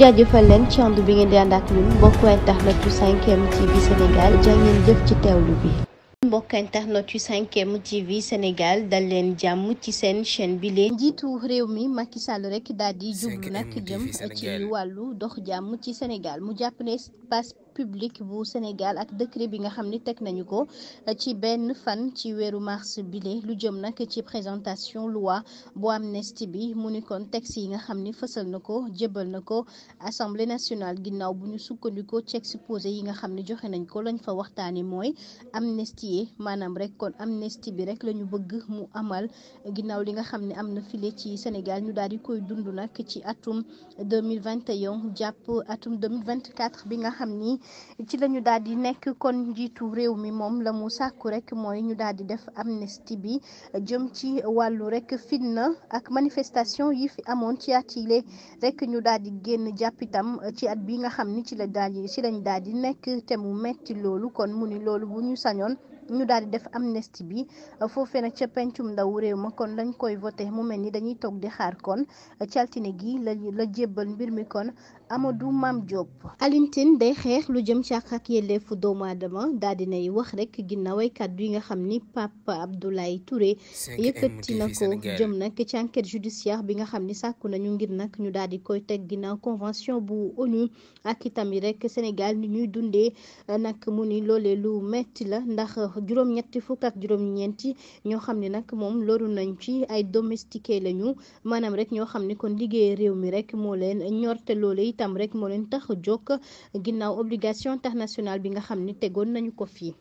jaajëfal leen ci ànd bi ngeen di ànd ak ñun mbokku internet yu 5M TV Sénégal jaa jëf ci teewlu bi. mbokk internet yu 5M TV Sénégal dal leen jàmm ci seen chaîne bi njiitu réew mi Macky Sall rek daal di jublu nak jëm ci wàllu dox jàmm ci Sénégal mu jàpp ne publique bu Sénégal ak décret bi nga xam ni teg nañu ko ci benn fan ci weeru mars bile lu jëm nag ci présentation loi bu amnistie bi mu ni kon texte yi nga xam ni fësal na ko jébal na ko assemblée nationale ginnaaw bu ñu sukkandikoo ci exposé yi nga xam ni joxe nañ ko lañ fa waxtaane mooy amnistie maanaam rek kon amnistie bi rek la ñu bëgg mu amal ginnaaw li nga xam ne am na file ci Sénégal ñu daal di koy dund nag ci atum 2021 jàpp atum bi nga xam ni ci la ñu daal di nekk kon njiitu réew mi moom la mu sàkku rek mooy ñu daal di def amnistie bi jëm ci wàllu rek fitna ak manifestation yi fi amoon ci at yile rek ñu daal di génn jàppitam ci at bi nga xam ni ci la daal ci lañ daal di nekk te mu metti loolu kon mu ni loolu bu ñu sañoon. ñu daal di def amnistie bi foofee nag ca pencum ndaw réew ma kon lañ koy voté mu mel ni dañuy toog di xaar kon caltine gi la la jébbal mbir mi kon Amadou Mame Diop. Alioune day xeex lu jëm ci àq ak yelleefu doomu aadama daal di nay wax rekk ginnaaw ay kàddu yi nga xam ni Papa Abdoulaye Touré yëkkati na ko jëm nag ci enquête judiciaire bi nga xam ni sàkku nañu ngir nag ñu daal di koy teg ginnaaw convention bu ONU ak itam rek Sénégal ni ñuy dundee nag mu ni loolee lu metti la ndax. juróom-ñetti fukk ak juróom-ñeenti ñoo xam ni nag moom loru nañ ci ay domestiqué lañu maanaam rek ñoo xam ni kon liggéey réew mi rek moo leen ñor loolu itam rek moo leen tax a jóg ginnaaw obligation internationale bi nga xam ni tegoon nañu ko fii.